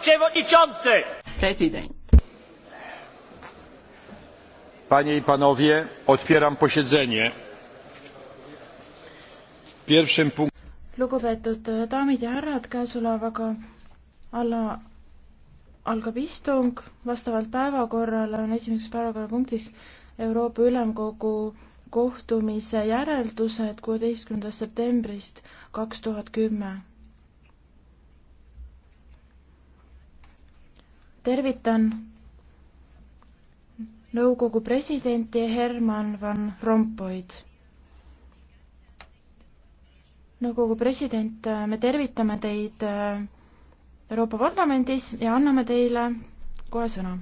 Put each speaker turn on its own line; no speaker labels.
przewodniczący!
Prezydent. Panie i panowie, otwieram posiedzenie. Pierwszym
punktem... Lugupeetud daamid ja härrad, käesolevaga alla algab istung. Vastavalt päevakorrale on esimeseks päevakorrapunktis Euroopa Ülemkogu kohtumise järeldused kuueteistkümnendast septembrist kaks tuhat kümme tervitan nõukogu presidenti Herman Van Rompuyd. nõukogu president, äh, me tervitame teid äh, Euroopa Parlamendis ja anname teile kohe sõna